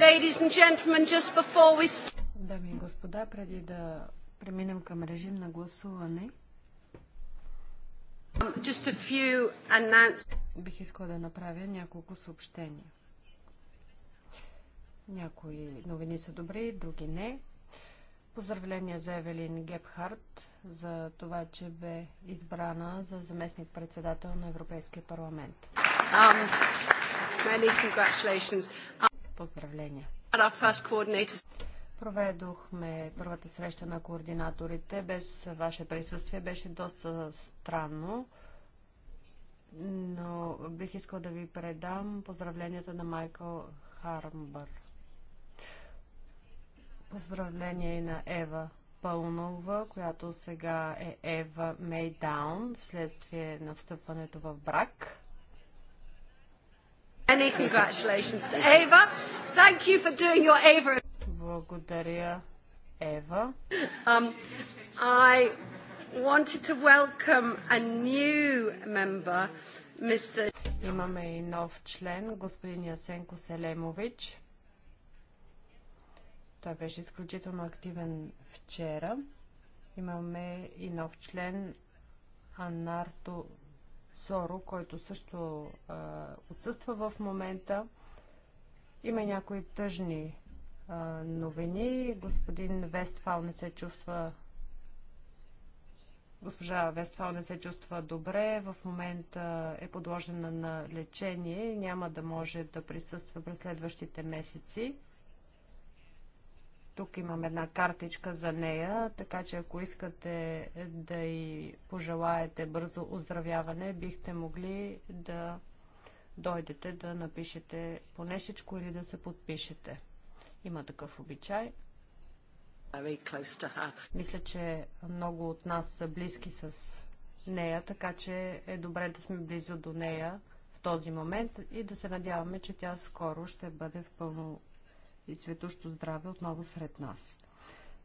Ladies and gentlemen, just before we... Дами и господа, преди да преминем към режим на гласуване, just a few бих искала да направя няколко съобщения. Някои новини са добри, други не. Поздравления за Евелин Гепхарт за това, че бе избрана за заместник-председател на Европейския парламент. Um, many congratulations. Поздравления! Проведохме първата среща на координаторите. Без ваше присъствие беше доста странно, но бих искал да ви предам поздравленията на Майкъл Хармбър. Поздравление и на Ева Пълнова, която сега е Ева Мейдаун, вследствие на встъпването в брак congratulations to Ava. Thank you for doing your Ava. Благодаря, Ева. Um, I wanted to welcome a new member, Mr. Имаме и нов член, господин Ясенко Селемович. Той беше изключително активен вчера. Имаме и нов член, Анарто Зоро, който също а, отсъства в момента. Има някои тъжни а, новини. Господин Вестфал не се чувства Госпожа Вестфал не се чувства добре, в момента е подложена на лечение и няма да може да присъства през следващите месеци. Тук имам една картичка за нея, така че ако искате да й пожелаете бързо оздравяване, бихте могли да дойдете да напишете понешечко или да се подпишете. Има такъв обичай. Мисля, че много от нас са близки с нея, така че е добре да сме близо до нея в този момент и да се надяваме, че тя скоро ще бъде в пълно и цветущо здраве отново сред нас.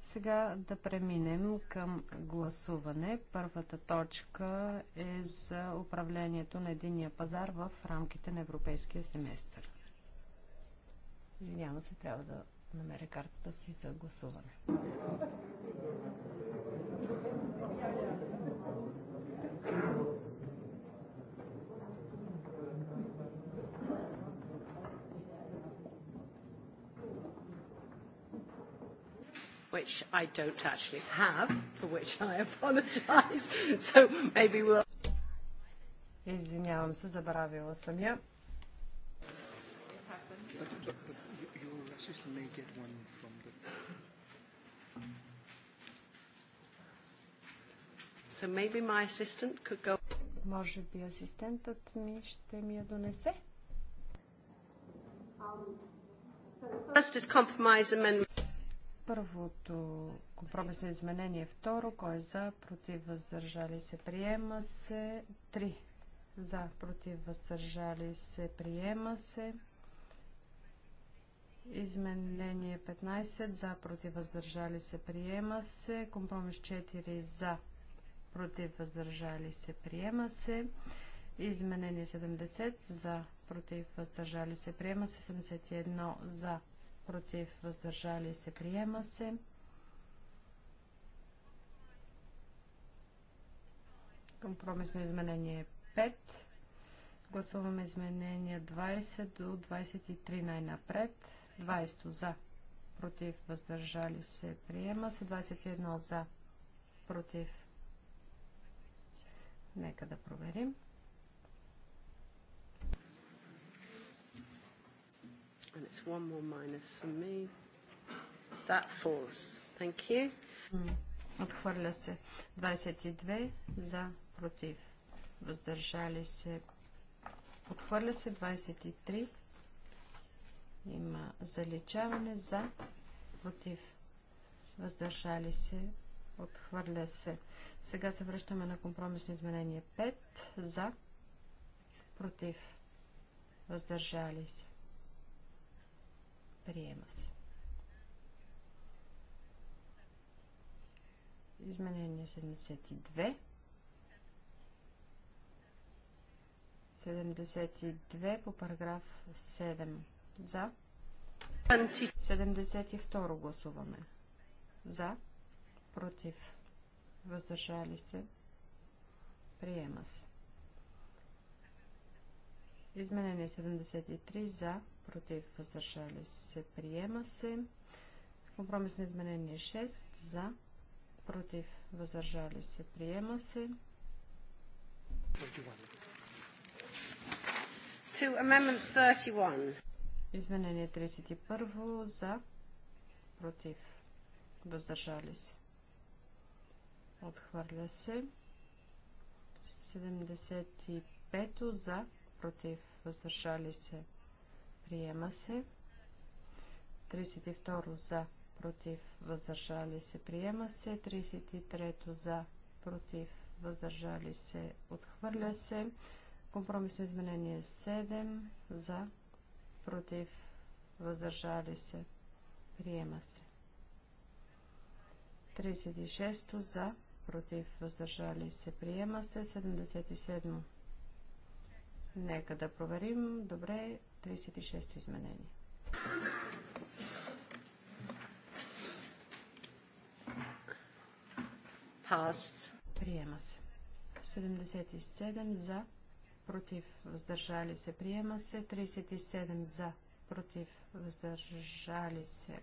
Сега да преминем към гласуване. Първата точка е за управлението на единния пазар в рамките на европейския семестър. Извинявам се, трябва да намеря картата си за гласуване. which I don't actually have, for which I apologize. So maybe we'll... Извинявам се, забравила съм я. So maybe my assistant could go... Може би асистентът ми ще ми я донесе. First is compromise amendment. Първото компромисно изменение е второ. Кой е за, против, въздържали се, приема се. Три. За, против, въздържали се, приема се. Изменение 15. За, против, въздържали се, приема се. Компромис 4. За, против, въздържали се, приема се. Изменение 70. За, против, въздържали се, приема се. 71. За, против, въздържали се, приема се. Компромисно изменение 5. Гласуваме изменения 20 до 23 най-напред. 20 за, против, въздържали се, приема се. 21 за, против. Нека да проверим. And it's one more minus for me. That falls. Thank you. Отхвърля се. 22 за, против. Въздържали се. Отхвърля се. 23. Има заличаване за, против. Въздържали се. Отхвърля се. Сега се връщаме на компромисно изменение 5 за, против. Въздържали се. Приема се. Изменение 72. 72 по параграф 7. За. 72 гласуваме. За. Против. Въздържали се. Приема се. Изменение 73 за против, въздържали се, приема се. Компромисно изменение 6 за, против, въздържали се, приема се. To amendment 31. Изменение 31 за, против, въздържали се. Отхвърля се. 75 за, против, въздържали се. Приема се. 32 за, против, въздържали се. Приема се. 33 за, против, въздържали се. Отхвърля се. Компромисно изменение 7 за, против, въздържали се. Приема се. 36 за, против, въздържали се. Приема се. 77 Нека да проверим. Добре, 36-то изменение. Passed. Приема се. 77 за, против, въздържали се. Приема се. 37 за, против, въздържали се.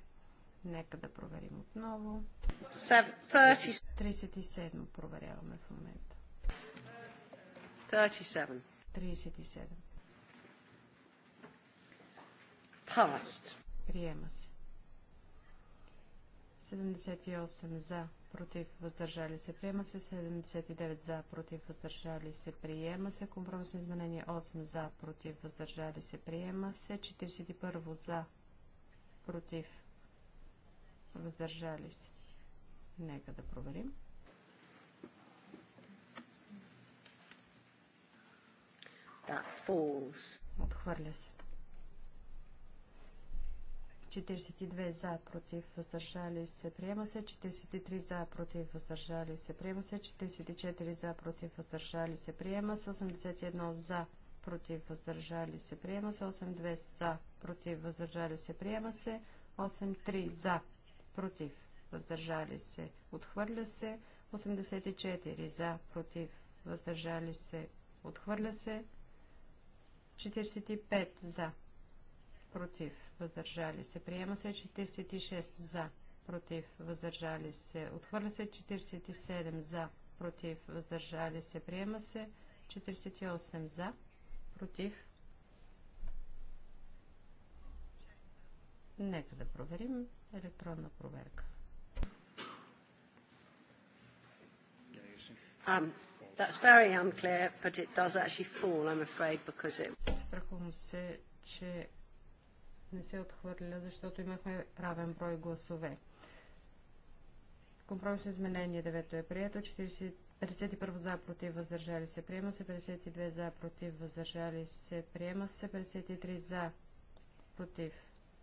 Нека да проверим отново. 37 проверяваме в момента. 37. 37. Passed. Приема се. 78 за, против, въздържали се, приема се. 79 за, против, въздържали се, приема се. Компромисно изменение 8 за, против, въздържали се, приема се. 41 за, против, въздържали се. Нека да проверим. That falls. Отхвърля се. 42 за, против, въздържали се, приема се. 43 за, против, въздържали се, приема се. 44 за, против, въздържали се, приема се. 81 за, против, въздържали се, приема се. 82 за, против, въздържали се, приема се. 83 за, против, въздържали се, отхвърля се. 84 за, против, въздържали се, отхвърля се. 45 за, против, въздържали се. Приема се 46 за, против, въздържали се. Отхвърля се 47 за, против, въздържали се. Приема се 48 за, против. Нека да проверим електронна проверка. Um, that's very unclear, but it does actually fall, I'm afraid, because it... Страхувам се, че не се е отхвърля, защото имахме равен брой гласове. Компромисно изменение 9 е прието. 40, 51 за против въздържали се приема се. 52 за против въздържали се приема се. 53 за против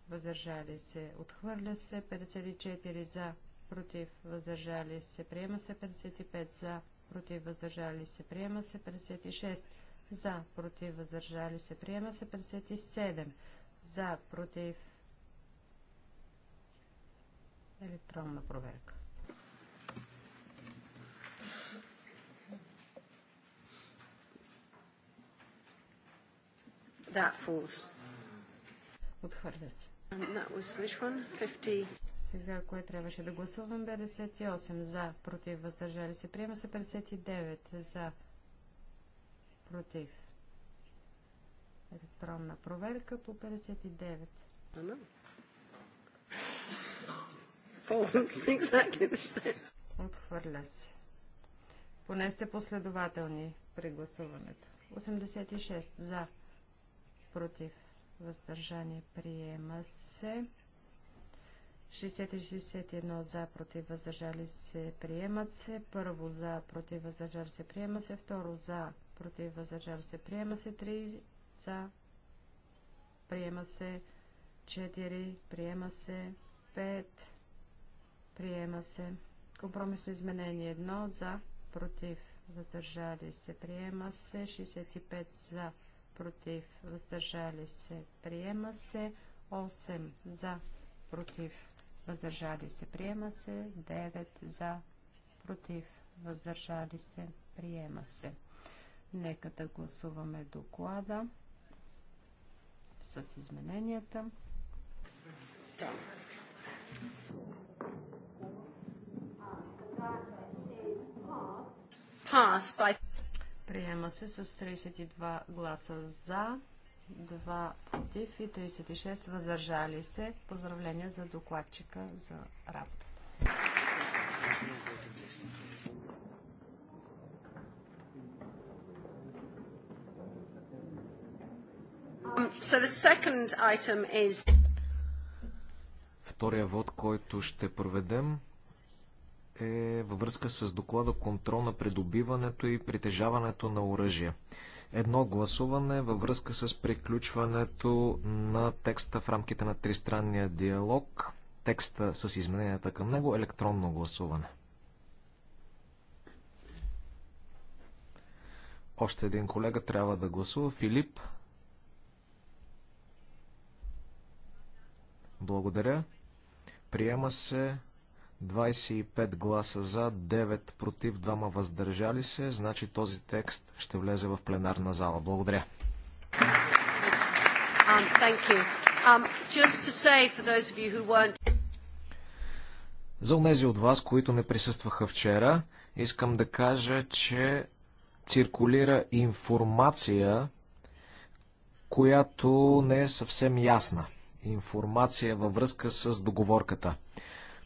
въздържали се отхвърля се. 54 за против въздържали се приема се. 55 за против въздържали се приема се. 56 за против въздържали се приема се. 57 за, против. Електронна проверка. That falls. Отхвърля се. Сега, кое трябваше да гласувам, бе 58 за, против, въздържали се. Приема се 59 за, против. Електронна проверка по 59. Отхвърля се. Поне сте последователни при гласуването. 86 за, против, въздържание, приема се. 60 61 за, против, въздържали се, приемат се. Първо за, против, въздържали се, приема се. Второ за, против, въздържали се, приема се. Три за, приема се 4, приема се 5, приема се. Компромисно изменение 1 за, против, въздържали се, приема се 65 за, против, въздържали се, приема се 8 за, против, въздържали се, приема се 9 за, против, въздържали се, приема се. Нека да гласуваме доклада с измененията. Приема се с 32 гласа за, 2 против и 36 въздържали се. Поздравления за докладчика за работа. So the second item is... Втория вод, който ще проведем е във връзка с доклада контрол на придобиването и притежаването на оръжие. Едно гласуване във връзка с приключването на текста в рамките на тристранния диалог, текста с измененията към него, електронно гласуване. Още един колега трябва да гласува. Филип, Благодаря. Приема се 25 гласа за, 9 против, 2 въздържали се. Значи този текст ще влезе в пленарна зала. Благодаря. Um, um, за унези от вас, които не присъстваха вчера, искам да кажа, че циркулира информация, която не е съвсем ясна информация във връзка с договорката.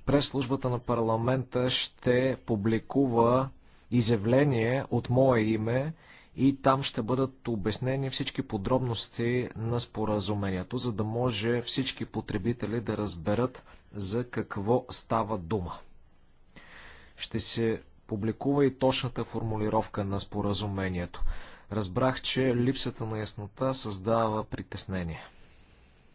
През службата на парламента ще публикува изявление от мое име и там ще бъдат обяснени всички подробности на споразумението, за да може всички потребители да разберат за какво става дума. Ще се публикува и точната формулировка на споразумението. Разбрах, че липсата на яснота създава притеснение.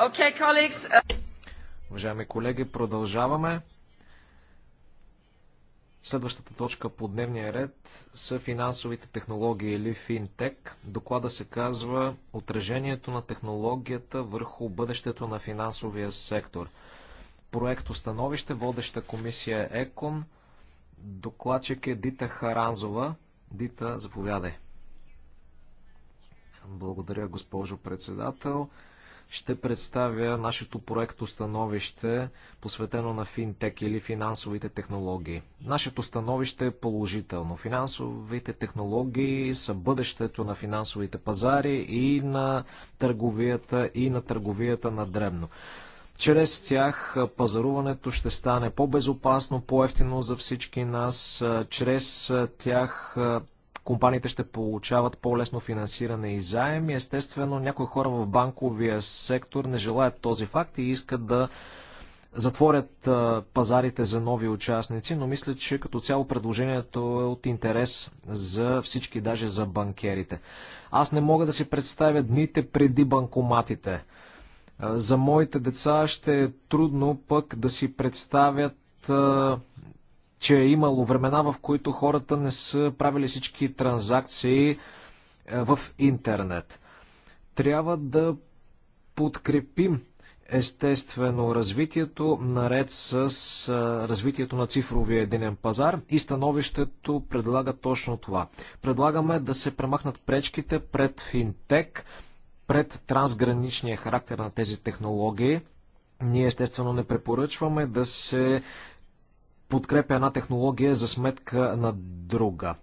Okay, colleagues. Uh, Уважаеми колеги, продължаваме. Следващата точка по дневния ред са финансовите технологии или финтек. Доклада се казва Отражението на технологията върху бъдещето на финансовия сектор. Проект Остановище, водеща комисия е ЕКОН. Докладчик е Дита Харанзова. Дита, заповядай. Благодаря, госпожо председател ще представя нашето проекто становище, посветено на финтек или финансовите технологии. Нашето становище е положително. Финансовите технологии са бъдещето на финансовите пазари и на търговията, и на търговията на дребно. Чрез тях пазаруването ще стане по-безопасно, по-ефтино за всички нас. Чрез тях компаниите ще получават по-лесно финансиране и и Естествено, някои хора в банковия сектор не желаят този факт и искат да затворят пазарите за нови участници, но мисля, че като цяло предложението е от интерес за всички, даже за банкерите. Аз не мога да си представя дните преди банкоматите. За моите деца ще е трудно пък да си представят че е имало времена, в които хората не са правили всички транзакции е, в интернет. Трябва да подкрепим естествено развитието, наред с е, развитието на цифровия единен пазар и становището предлага точно това. Предлагаме да се премахнат пречките пред финтек, пред трансграничния характер на тези технологии. Ние естествено не препоръчваме да се подкрепя една технология за сметка на друга.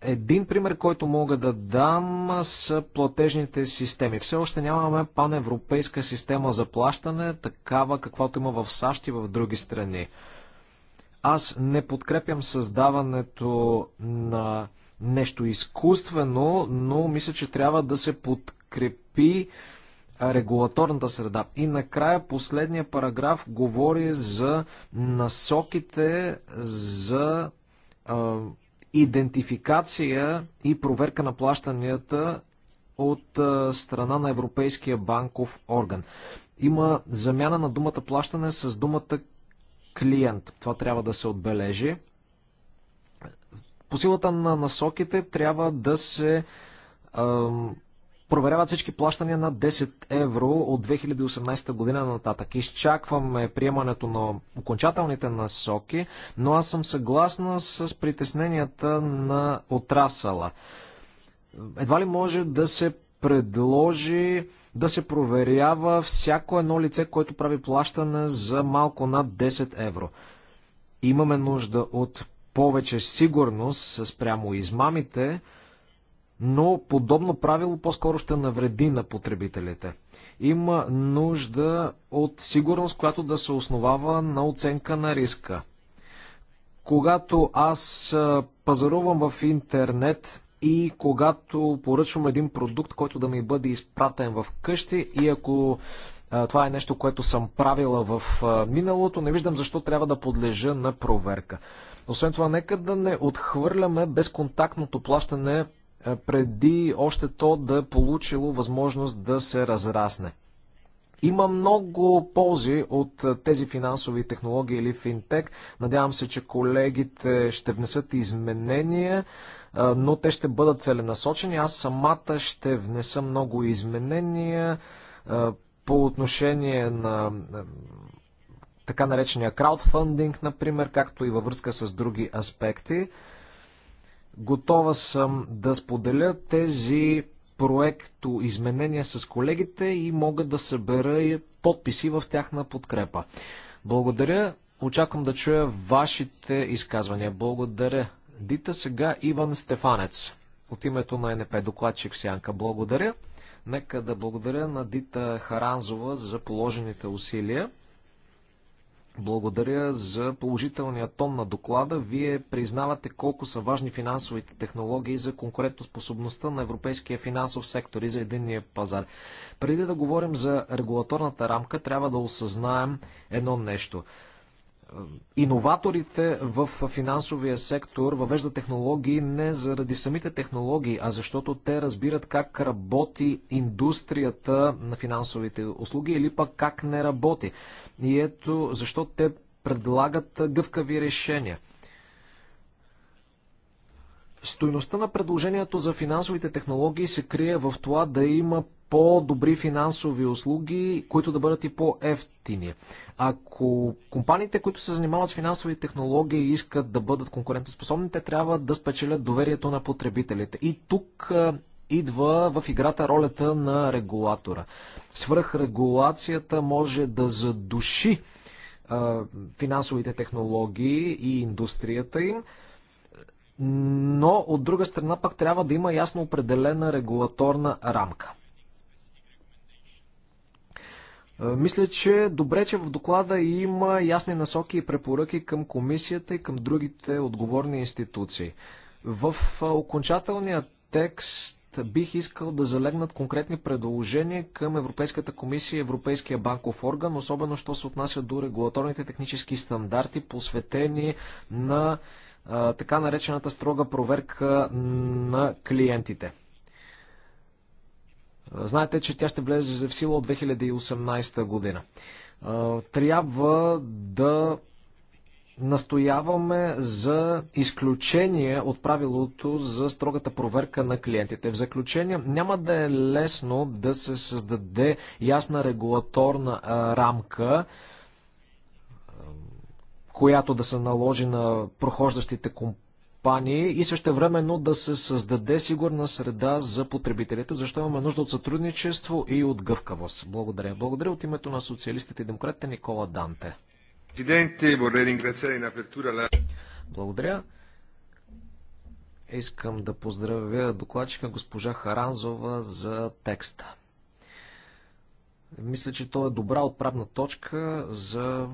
Един пример, който мога да дам са платежните системи. Все още нямаме паневропейска система за плащане, такава каквато има в САЩ и в други страни. Аз не подкрепям създаването на нещо изкуствено, но мисля, че трябва да се подкрепи регулаторната среда. И накрая последния параграф говори за насоките за а, идентификация и проверка на плащанията от а, страна на Европейския банков орган. Има замяна на думата плащане с думата клиент. Това трябва да се отбележи. По силата на насоките трябва да се а, проверяват всички плащания на 10 евро от 2018 година нататък. Изчакваме приемането на окончателните насоки, но аз съм съгласна с притесненията на отрасала. Едва ли може да се предложи да се проверява всяко едно лице, което прави плащане за малко над 10 евро. Имаме нужда от повече сигурност спрямо измамите, но подобно правило по-скоро ще навреди на потребителите. Има нужда от сигурност, която да се основава на оценка на риска. Когато аз пазарувам в интернет и когато поръчвам един продукт, който да ми бъде изпратен в къщи и ако това е нещо, което съм правила в миналото. Не виждам защо трябва да подлежа на проверка. Освен това, нека да не отхвърляме безконтактното плащане е, преди още то да е получило възможност да се разрасне. Има много ползи от е, тези финансови технологии или финтек. Надявам се, че колегите ще внесат изменения, е, но те ще бъдат целенасочени. Аз самата ще внеса много изменения по отношение на така наречения краудфандинг, например, както и във връзка с други аспекти. Готова съм да споделя тези проекто изменения с колегите и мога да събера и подписи в тяхна подкрепа. Благодаря. Очаквам да чуя вашите изказвания. Благодаря. Дита сега Иван Стефанец от името на НП докладчик Сянка. Благодаря. Нека да благодаря на Дита Харанзова за положените усилия. Благодаря за положителния тон на доклада. Вие признавате колко са важни финансовите технологии за конкурентоспособността на европейския финансов сектор и за единния пазар. Преди да говорим за регулаторната рамка, трябва да осъзнаем едно нещо – иноваторите в финансовия сектор въвеждат технологии не заради самите технологии, а защото те разбират как работи индустрията на финансовите услуги или пък как не работи. И ето защо те предлагат гъвкави решения. Стойността на предложението за финансовите технологии се крие в това да има по-добри финансови услуги, които да бъдат и по-ефтини. Ако компаниите, които се занимават с финансови технологии, искат да бъдат конкурентоспособни, те трябва да спечелят доверието на потребителите. И тук идва в играта ролята на регулатора. Свръхрегулацията може да задуши финансовите технологии и индустрията им но от друга страна пък трябва да има ясно определена регулаторна рамка. Е, мисля, че добре, че в доклада има ясни насоки и препоръки към комисията и към другите отговорни институции. В е, окончателния текст бих искал да залегнат конкретни предложения към Европейската комисия и Европейския банков орган, особено що се отнася до регулаторните технически стандарти, посветени на така наречената строга проверка на клиентите. Знаете, че тя ще влезе в сила от 2018 година. Трябва да настояваме за изключение от правилото за строгата проверка на клиентите. В заключение, няма да е лесно да се създаде ясна регулаторна рамка, която да се наложи на прохождащите компании и също времено да се създаде сигурна среда за потребителите, защо имаме нужда от сътрудничество и от гъвкавост. Благодаря. Благодаря от името на социалистите и демократите Никола Данте. Благодаря. Искам да поздравя докладчика госпожа Харанзова за текста. Мисля, че то е добра отправна точка за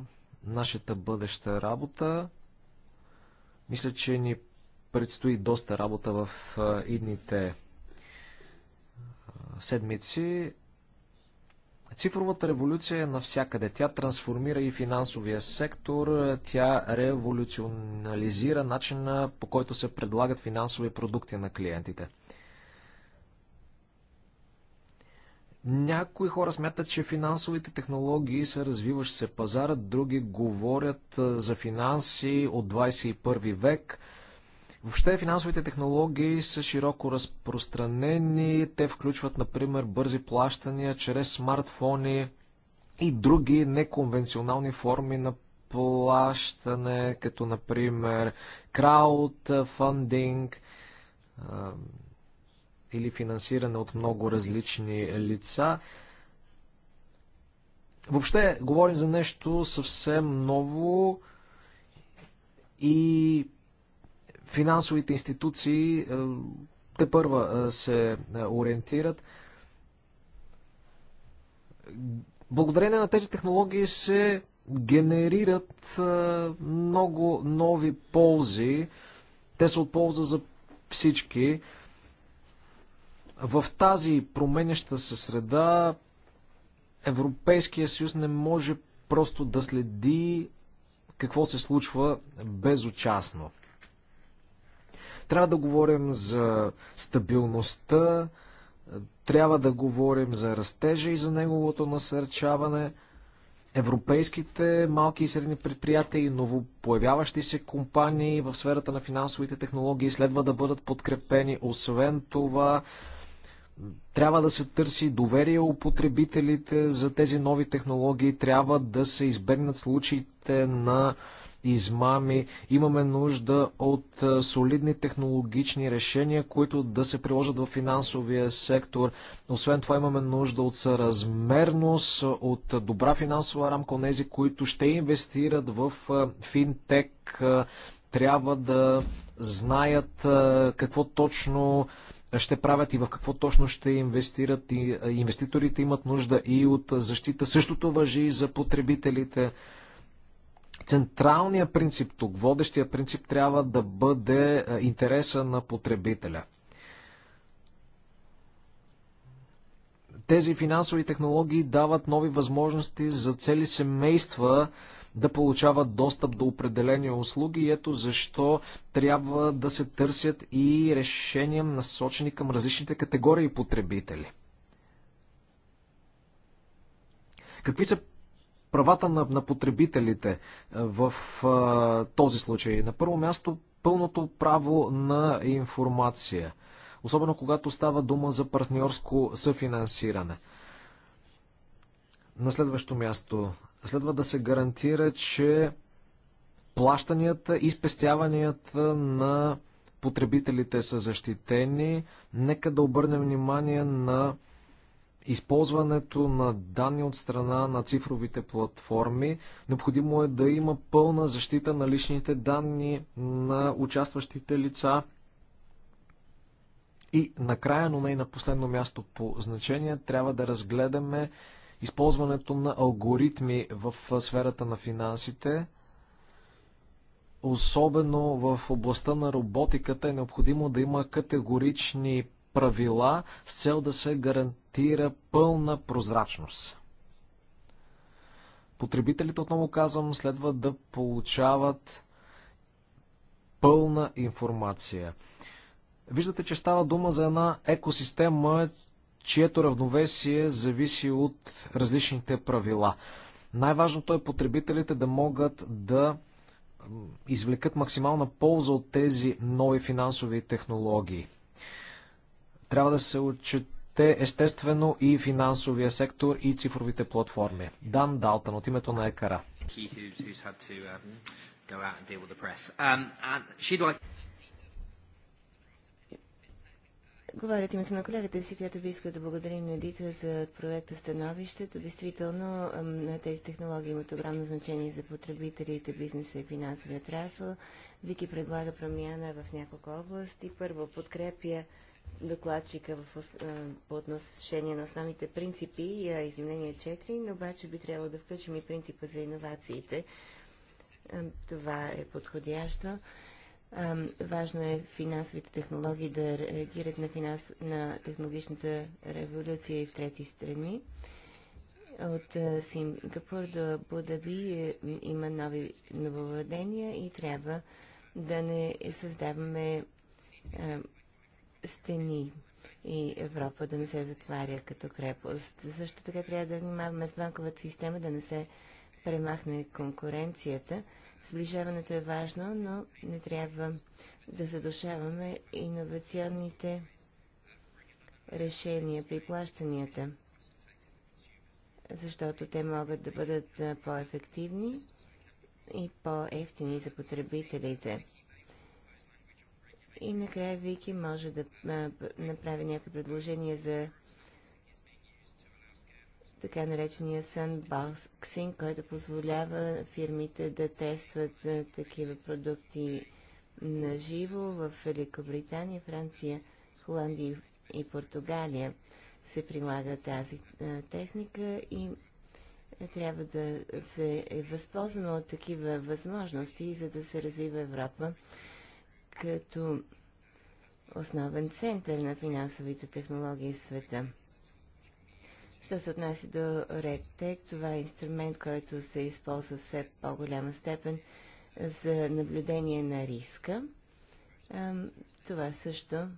нашата бъдеща работа. Мисля, че ни предстои доста работа в идните седмици. Цифровата революция е навсякъде. Тя трансформира и финансовия сектор, тя революционализира начина по който се предлагат финансови продукти на клиентите. Някои хора смятат, че финансовите технологии са развиващ се пазар, други говорят за финанси от 21 век. Въобще финансовите технологии са широко разпространени. Те включват, например, бързи плащания чрез смартфони и други неконвенционални форми на плащане, като, например, краудфандинг, или финансиране от много различни лица. Въобще, говорим за нещо съвсем ново и финансовите институции е, те първа е, се е, ориентират. Благодарение на тези технологии се генерират много нови ползи. Те са от полза за всички. В тази променяща се среда Европейския съюз не може просто да следи какво се случва безучастно. Трябва да говорим за стабилността, трябва да говорим за растежа и за неговото насърчаване. Европейските малки и средни предприятия и новопоявяващи се компании в сферата на финансовите технологии следва да бъдат подкрепени. Освен това, трябва да се търси доверие у потребителите за тези нови технологии, трябва да се избегнат случаите на измами. Имаме нужда от солидни технологични решения, които да се приложат в финансовия сектор. Освен това имаме нужда от съразмерност, от добра финансова рамка, нези, които ще инвестират в финтек, трябва да знаят какво точно ще правят и в какво точно ще инвестират. И инвеститорите имат нужда и от защита. Същото въжи и за потребителите. Централният принцип тук, водещия принцип трябва да бъде интереса на потребителя. Тези финансови технологии дават нови възможности за цели семейства, да получават достъп до определени услуги и ето защо трябва да се търсят и решения насочени към различните категории потребители. Какви са правата на, на потребителите в а, този случай? На първо място пълното право на информация, особено когато става дума за партньорско съфинансиране – на следващо място, следва да се гарантира, че плащанията и спестяванията на потребителите са защитени. Нека да обърнем внимание на използването на данни от страна на цифровите платформи. Необходимо е да има пълна защита на личните данни на участващите лица. И накрая, но не и на последно място по значение, трябва да разгледаме използването на алгоритми в сферата на финансите, особено в областта на роботиката, е необходимо да има категорични правила с цел да се гарантира пълна прозрачност. Потребителите, отново казвам, следва да получават пълна информация. Виждате, че става дума за една екосистема, чието равновесие зависи от различните правила. Най-важното е потребителите да могат да извлекат максимална полза от тези нови финансови технологии. Трябва да се отчете естествено и финансовия сектор и цифровите платформи. Дан Далтън от името на Екара. Говорят името на колегата си, която би искал да благодарим на Дита за проекта Становището. Действително, тези технологии имат огромно значение за потребителите, бизнеса и финансовия отрасъл. Вики предлага промяна в няколко области. Първо, подкрепя докладчика в, по отношение на основните принципи и изменения 4, но обаче би трябвало да включим и принципа за иновациите. Това е подходящо важно е финансовите технологии да реагират на, финанс... на технологичната революция и в трети страни. От Сингапур до Будаби е, има нови нововладения и трябва да не създаваме а, стени и Европа да не се затваря като крепост. Също така трябва да внимаваме с банковата система да не се премахне конкуренцията Сближаването е важно, но не трябва да задушаваме иновационните решения при плащанията, защото те могат да бъдат по-ефективни и по-ефтини за потребителите. И накрая Вики може да направи някои предложения за така наречения sunboxing, който позволява фирмите да тестват такива продукти на живо в Великобритания, Франция, Холандия и Португалия се прилага тази техника и трябва да се е възползваме от такива възможности, за да се развива Европа като основен център на финансовите технологии в света. Що се отнася до RedTech, това е инструмент, който се използва все по-голяма степен за наблюдение на риска. Това също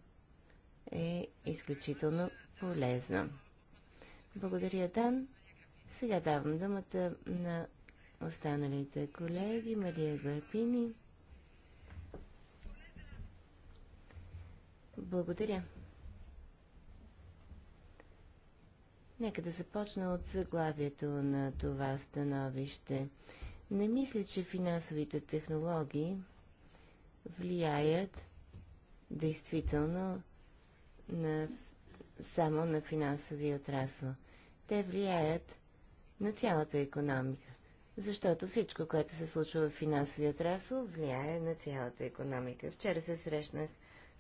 е изключително полезно. Благодаря, Дан. Сега давам думата на останалите колеги. Мария Гарпини. Благодаря. Нека да започна от заглавието на това становище. Не мисля, че финансовите технологии влияят действително на, само на финансовия отрасъл. Те влияят на цялата економика, защото всичко, което се случва в финансовия отрасъл, влияе на цялата економика. Вчера се срещнах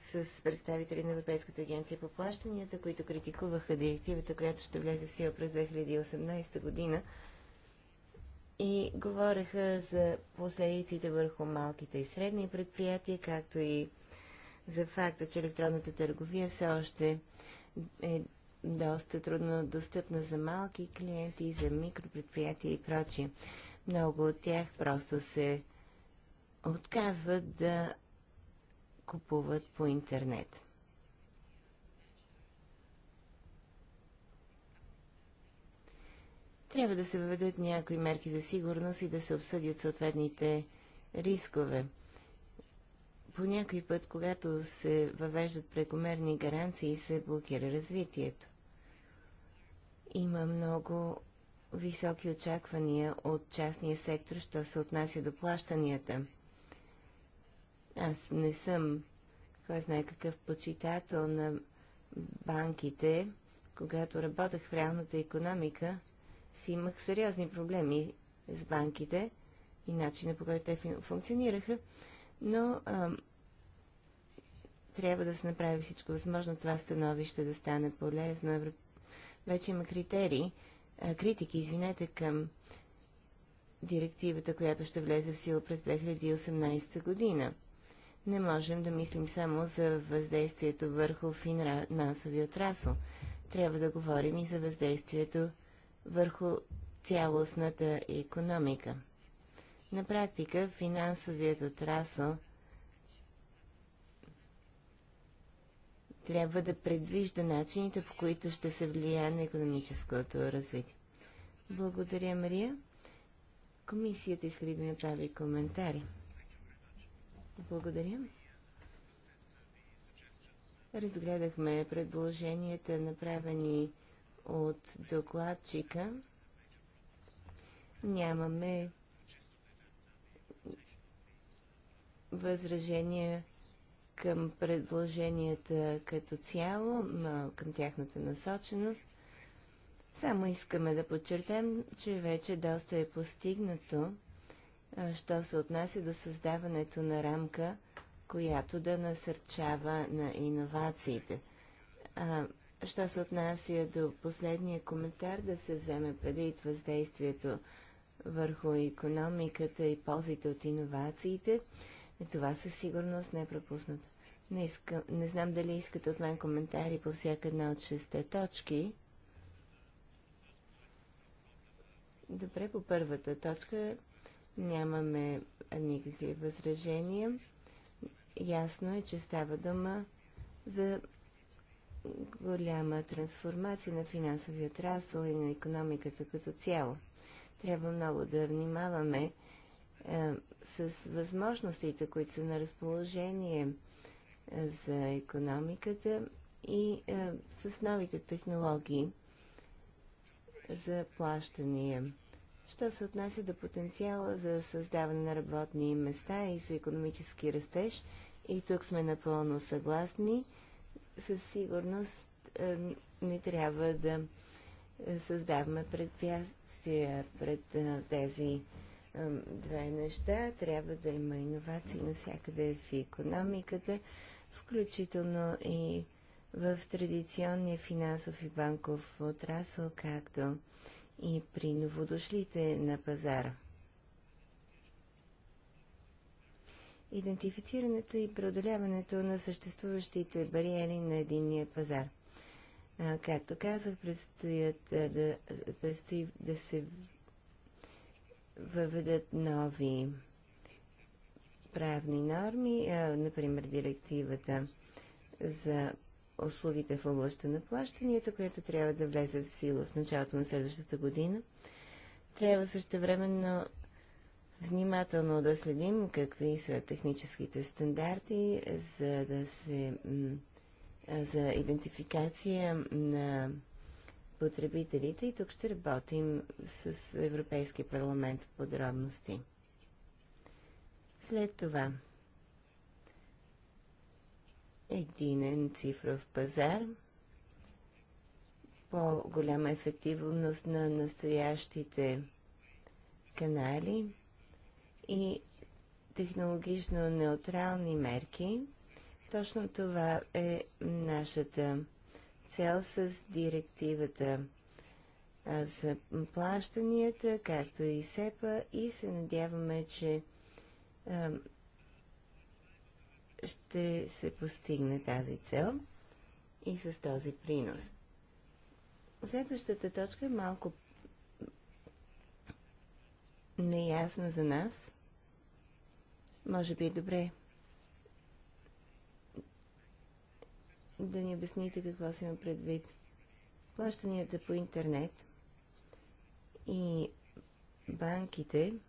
с представители на Европейската агенция по плащанията, които критикуваха директивата, която ще влезе в сила през 2018 година и говореха за последиците върху малките и средни предприятия, както и за факта, че електронната търговия все още е доста трудно достъпна за малки клиенти, за микропредприятия и прочие. Много от тях просто се отказват да купуват по интернет. Трябва да се въведат някои мерки за сигурност и да се обсъдят съответните рискове. По някой път, когато се въвеждат прекомерни гаранции, се блокира развитието. Има много високи очаквания от частния сектор, що се отнася до плащанията – аз не съм кой знае какъв почитател на банките. Когато работех в реалната економика, си имах сериозни проблеми с банките и начина по който те функционираха, но а, трябва да се направи всичко възможно това становище да стане полезно. Вече има критерии, а, критики, извинете, към директивата, която ще влезе в сила през 2018 година не можем да мислим само за въздействието върху финансовия отрасъл. Трябва да говорим и за въздействието върху цялостната економика. На практика финансовият отрасъл трябва да предвижда начините, по които ще се влияе на економическото развитие. Благодаря, Мария. Комисията иска да направи коментари. Благодаря. Разгледахме предложенията, направени от докладчика. Нямаме възражения към предложенията като цяло, към тяхната насоченост. Само искаме да подчертаем, че вече доста е постигнато що се отнася до създаването на рамка, която да насърчава на иновациите. Що се отнася до последния коментар, да се вземе преди въздействието върху економиката и ползите от иновациите, това със сигурност не е пропуснато. Не, иска, не знам дали искате от мен коментари по всяка една от шесте точки. Добре, по първата точка Нямаме никакви възражения. Ясно е, че става дума за голяма трансформация на финансовия отрасъл и на економиката като цяло. Трябва много да внимаваме е, с възможностите, които са на разположение е, за економиката и е, с новите технологии за плащания що се отнася до потенциала за създаване на работни места и за економически растеж. И тук сме напълно съгласни. Със сигурност е, не трябва да създаваме предпятствия пред е, тези е, две неща. Трябва да има иновации навсякъде в економиката, включително и в традиционния финансов и банков отрасъл, както и при новодошлите на пазара. Идентифицирането и преодоляването на съществуващите бариери на единния пазар. както казах, предстоят да, предстои да се въведат нови правни норми, например директивата за услугите в областта на плащанията, което трябва да влезе в сила в началото на следващата година. Трябва също времено внимателно да следим какви са техническите стандарти, за да се за идентификация на потребителите и тук ще работим с Европейския парламент в подробности. След това единен цифров пазар, по-голяма ефективност на настоящите канали и технологично неутрални мерки. Точно това е нашата цел с директивата за плащанията, както и СЕПА и се надяваме, че ще се постигне тази цел и с този принос. Следващата точка е малко неясна за нас. Може би е добре да ни обясните какво си има предвид. Плащанията по интернет и банките –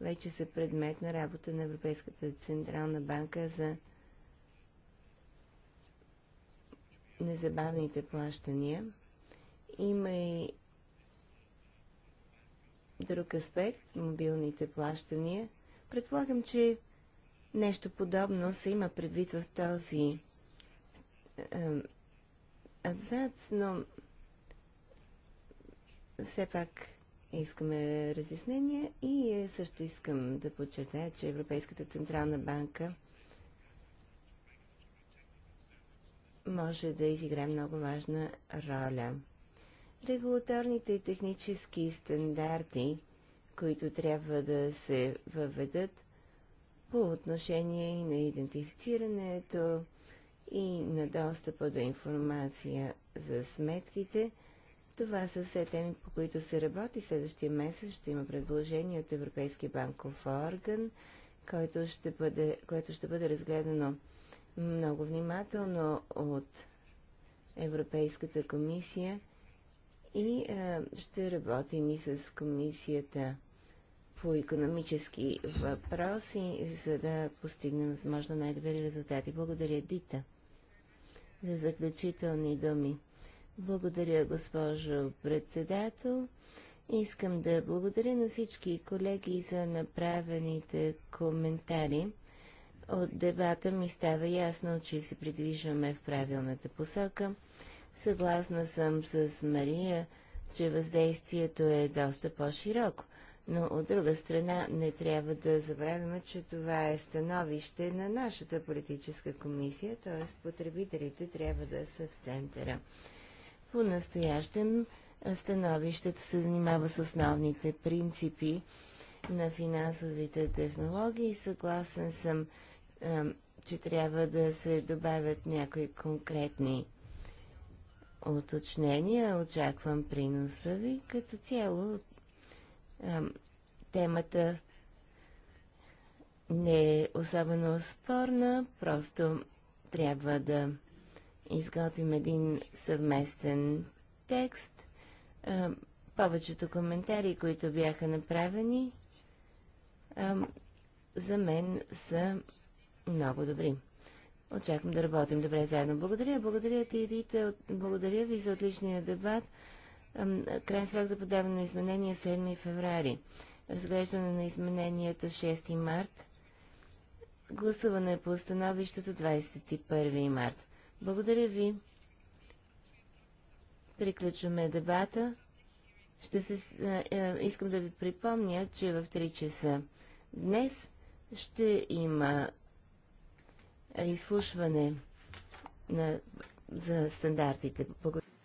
вече са предмет на работа на Европейската Централна банка за незабавните плащания. Има и друг аспект – мобилните плащания. Предполагам, че нещо подобно се има предвид в този абзац, но все пак искаме разяснения и е, също искам да подчертая, че Европейската Централна банка може да изиграе много важна роля. Регулаторните и технически стандарти, които трябва да се въведат по отношение и на идентифицирането и на достъпа до информация за сметките – това са все теми, по които се работи. Следващия месец ще има предложение от Европейски банков орган, който ще бъде, което ще бъде разгледано много внимателно от Европейската комисия и а, ще работим и с комисията по економически въпроси, за да постигнем възможно най-добри резултати. Благодаря, Дита, за заключителни думи. Благодаря, госпожо председател. Искам да благодаря на всички колеги за направените коментари. От дебата ми става ясно, че се придвижваме в правилната посока. Съгласна съм с Мария, че въздействието е доста по-широко, но от друга страна не трябва да забравяме, че това е становище на нашата политическа комисия, т.е. потребителите трябва да са в центъра. По-настоящем становището се занимава с основните принципи на финансовите технологии. Съгласен съм, че трябва да се добавят някои конкретни уточнения. Очаквам приноса ви. Като цяло темата не е особено спорна, просто трябва да изготвим един съвместен текст. Повечето коментари, които бяха направени, за мен са много добри. Очаквам да работим добре заедно. Благодаря. Благодаря ти, Рита. Благодаря ви за отличния дебат. Крайен срок за подаване на изменения 7 е феврари. Разглеждане на измененията 6 март. Гласуване по установището 21 март. Благодаря ви. Приключваме дебата. Ще се, е, искам да ви припомня, че в 3 часа днес ще има изслушване на, за стандартите. Благодаря.